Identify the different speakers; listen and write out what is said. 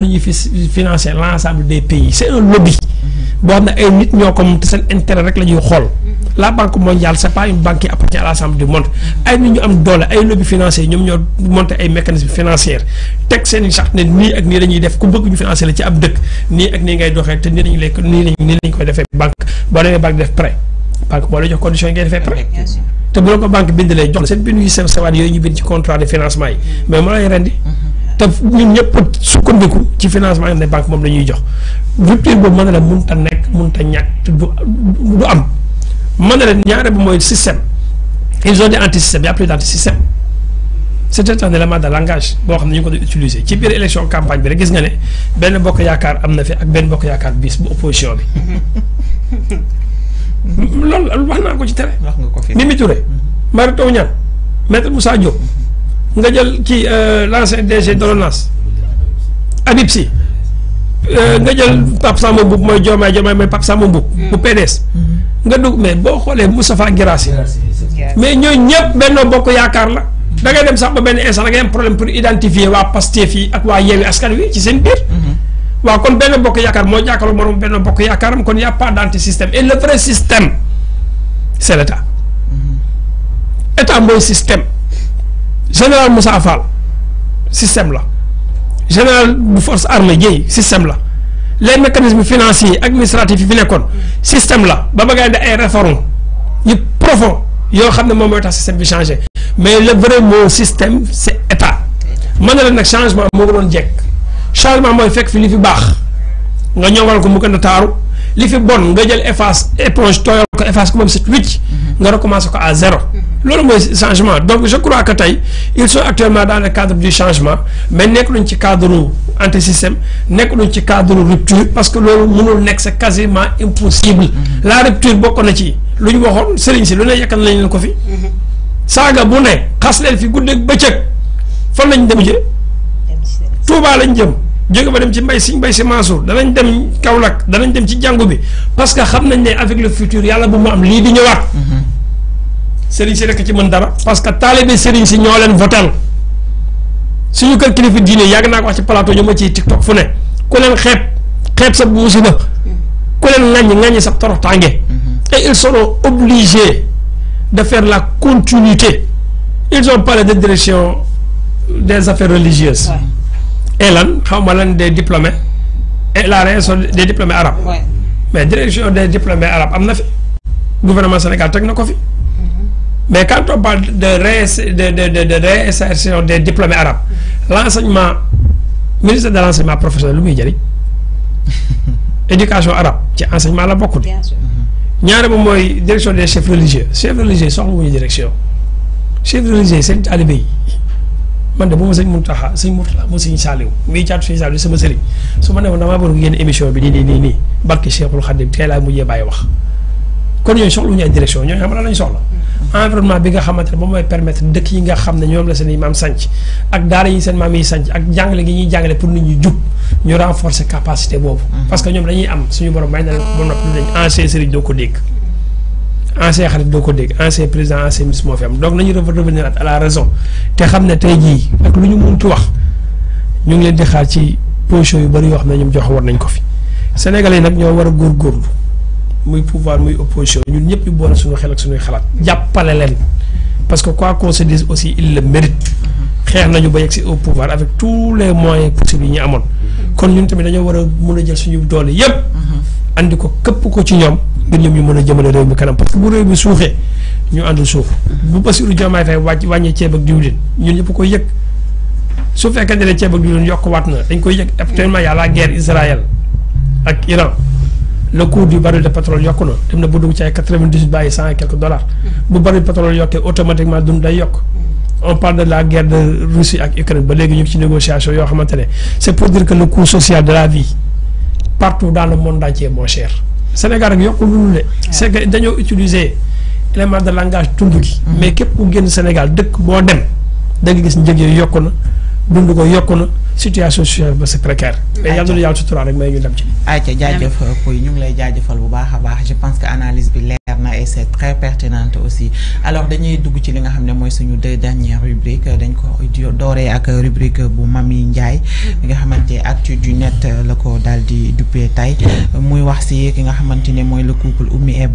Speaker 1: ñuy financer l'ensemble des pays c'est un lobby boo xam ne ay nit ñoo ko te seen intérêt rek la ñuy xool la banque mondiale c'est pas une banque qui appartient ay nit ñu am doole ay lobby financier ñoom ñoo monté ay mécanismes financiers teg seen i charte ne nii ak nii dañuy def ku bëgg ñu financer la ci ab dëkk nii ak nii ngay doxee te nii lañu lay nii lañ nii lañ koy defee banque boo demee banque def prêt banque boo lay jox condition yi ngay defee prêt te bu te ñun ñëpp a sukkandiku ci financement des banques moom la ñuy jox rupture boobu mën na ta mënut a nekk mënut a ñàkk du am mën na la ñaare bi mooy système ils ont des antisystèmes y a plus d'antisystème c'était un élément de langage boo xam ne ñu ko doon utiliser ci biir élection campagne bi rek gis nga ne benn bokk yaakaar am na fi ak benn bokk yaakaar bis bu opposition bi loolu wax naa ko ci tere. wax nga ko fi Mimi Touré. Mary Teuw Niane maître Moussa Diop. nga jël kii euh, l'ancien DG de l'ONAS Habib Sy euh, nga jël Pap Samba Mboup moy Diomaye Diomaye mooy Pap Samba Mboup bu hmm. PDS nga dug mais bo xolé Moustapha Guirassy mais ñoy ñep Benno Bokk yaakar la da ngay dem sax ba ben instant da ngay am problème pour identifier wa pasté fi ak wa Yewwi Askan Wi ci seen bir hmm. wa kon Benno Bokk yaakar mo jàkkaarloo morom Benno Bokk yaakaram kon y a pas système et le vrai système c'est l'état hmm. état moy système général Moussa Fall système la général bu force armée Dieye système la les mécanismes financiers administratifs yi fi nekkoon système la ba bëgg a indi ay réformes yu profond yoo xam ne moom mooy tax système bi changé mais le vrai mot système c' est état mën na leen nag changement moo ko doon jekk changement mooy fekk fi li fi baax nga ñoŋal ko mu gën a taaru li fi bon nga jël efface éponge tooyal ko efface ko moom set wicc nga recommencé ko à zéro loolu mooy changement donc je crois que tey ils sont actuellement dans le cadre du changement mais nekk luñ ci cadre anti système nekk luñ ci cadre rupture parce que loolu mënul nekk c'est quasiment impossible la rupture bokk na ci lu ñu waxoon sëriñ si lu ne nañu ne leen ko fi saaga bu ne xas leen fi guddeeg bëccëg fan lañ dem jë Tuubaa lañ jëm jóge ba dem ci mbay si mbay si Mansour danañ dem Kaolack danañ dem ci jàngu bi parce que xam nañ ne avec le futur yàlla bu mu am lii di ñëwaat mm-hmm. sëriñ si rekk ci mën dara parce que talibé serigne si ñoo leen votel suñu kër kilifa diiné yàgg naa ko wax ci plateau ñuma ci tiktok fu ne ku leen xeeb xeeb sa musiba ku leen ŋàññi ŋàññi sa toroxtaange mhm. et ils seront obligés de faire la continuité ils ont parlé de direction des affaires religieuses et lan xaw lan des diplômés et la raison des diplômés arabes mais direction des diplômés arabes amna fi gouvernement Sénégal tek na ko fi Mais quand on parle de, de, de, de réinsertion des diplômés arabes, l'enseignement, ministre de l'enseignement professionnel, lui, il éducation arabe, c'est enseignement là beaucoup. Bien mhm. sûr. ñaare moom mooy direction des chefs religieux chefs religieux soxla wuñu direction chefs religieux c'est un alibi. man de bu ma sëñ Mountakha sëñ Mountakha mu sëñ Saliou mii caatu sëñ Saliou sama sëriñ su ma newoon damaa bëgg ngeen émission bi nii nii nii nii barke Cheikhul Khadim tey laa mujjee bàyyi wax kon ñooñu soxla wuñu ay environnement bi nga xamante ne moom mooy permettre dëkk yi nga xam ne ñoom la seen i maam sanc ak daara yi seen maam yi sanc ak jàngale ngi ñuy jàngale pour nit ñi jub ñu renforcer capacité boobu. Mhm. parce que ñoom dañuy am suñu borom may na leen ko ba noppi dañ ancien sëriñ doo ko dégg. ko dégg ancien président ancien moo fi am nañu revenir a la raison te xam ne tey jii ak lu ñu mënti wax ñu ngi leen di xaar ci position yu bëri yoo xam ne ñoom jox war nañ ko fi sénégalais nag ñoo war a góorgóorlu. muy pouvoir muy opposition ñun ñëpp ñu suñu xel ak suñuy xalaat jàppale leen parce que quoi qu'on se aussi il le mérite xeex nañu ba yegg si au pouvoir avec tous les moyens possibles ñu amoon kon ñun tamit dañoo war a mën a jël suñu doole yëpp andi ko këpp ko ci ñoom ngir ñoom ñu mën a jëmale réew mi kanam parce que bu réew mi suuxee ñu àndul suuf bu Bassirou Diomaye Faye wàññee ceeb ak diwlin ñun ñëpp ko yëg su fekkee ne ceeb ak diwlin yokk waat na dañ koy yëg actuellement y a la guerre Israël ak Iran le coût du baril de pétrole yokku na dem na bu dugg ci ay quatre quelques dollars mhm. bu baril de pétrole yokkee automatiquement dund day yok mhm. on parle de la guerre de Russie avec Ukraine ba légui ñu ci négociation yo xamantene c'est pour dire que le coût social de la vie partout dans le monde entier mon cher. Sénégal rek yokkul lu ne. c' que dañu utiliser élément de langage tund gi. Mhm. mais képp ku génn Sénégal dëkk boo dem da nga gis njëg yooyu yokku dund ko yokku na situation sociale ba c'est précaire. mais yàlla na rek may ñu dem ci. ayca jaajëf Pouy ñu ngi lay jaajëfal bu baax a baax je pense que analyse bi leer na et c'est très pertinente aussi alors dañuy dugg ci li nga xam ne mooy suñu de dernières rubriques dañ ko dooree ak rubrique bu Mami njaay li nga xamante actu du net la ko daal di duppee tey muy wax si ki nga xamante ne mooy le couple Oumy et